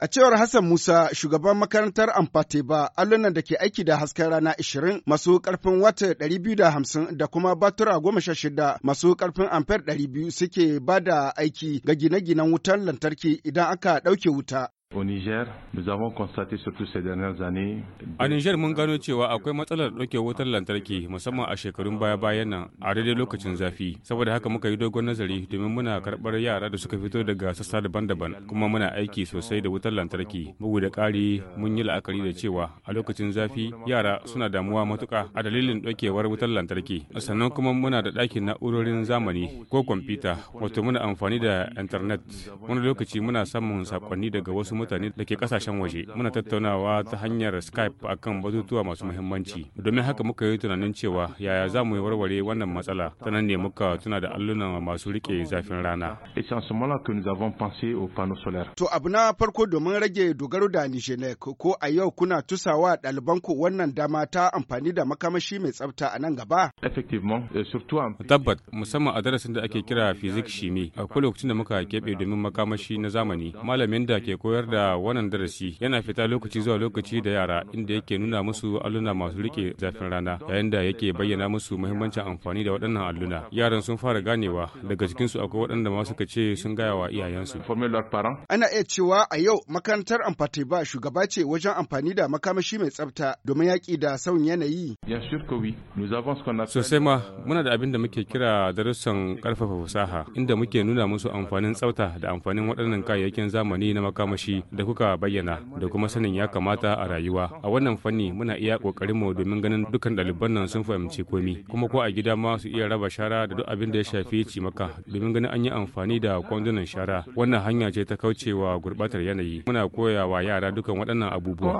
A cewar Hassan Musa, shugaban makarantar Amfateba, allunan da ke aiki da hasken rana 20 masu karfin wata 250 da kuma batura 16 masu karfin amfer 200 suke bada aiki ga gine-ginen wutar lantarki idan aka ɗauke wuta. A Niger mun gano cewa akwai matsalar ɗauke wutar lantarki musamman a shekarun baya-bayan nan a daidai lokacin zafi. Saboda haka muka yi dogon nazari domin muna karɓar yara da suka fito daga sassa daban-daban kuma muna aiki sosai da wutar lantarki. Bugu da ƙari mun yi la'akari da cewa a lokacin zafi yara suna damuwa matuƙa a dalilin ɗaukewar wutar lantarki. Sannan kuma muna da ɗakin na'urorin zamani ko kwamfuta wato muna amfani da intanet. Wani lokaci muna samun saƙonni daga wasu mutane da ke kasashen waje muna tattaunawa ta hanyar skype akan batutuwa masu muhimmanci domin haka muka yi tunanin cewa yaya za mu yi warware wannan matsala ta nan ne muka tuna da alluna masu rike zafin rana to abu na farko domin rage dogaro da nijelek ko a yau kuna tusawa ɗalibanku wannan dama ta amfani da makamashi mai tsafta a nan gaba tabbat musamman a darasin da ake kira fizik shimi akwai lokacin da muka keɓe domin makamashi na zamani malamin da ke koyar da wannan darasi yana fita lokaci zuwa lokaci da yara inda yake nuna musu alluna masu rike zafin rana yayin da yake bayyana musu muhimmancin amfani da waɗannan alluna. Yaran sun fara ganewa daga cikinsu akwai waɗanda ma kace ce sun gaya wa iyayensu. Ana iya cewa a yau makarantar amfati ba shugaba ce wajen amfani da makamashi mai tsafta domin yaƙi da sauyin yanayi. Sosai ma muna da abin da muke kira darussan ƙarfafa fasaha inda muke nuna musu amfanin tsafta da amfanin waɗannan kayayyakin zamani na makamashi da kuka bayyana da kuma sanin ya kamata a rayuwa a wannan fanni muna iya mu domin ganin dukkan ɗaliban nan sun fahimci komi kuma ko a gida ma su iya raba shara da duk abin da ya shafi cimaka domin ganin an yi amfani da kwandunan shara wannan hanya ce ta kaucewa gurɓatar yanayi muna koyawa yara dukkan waɗannan abubuwa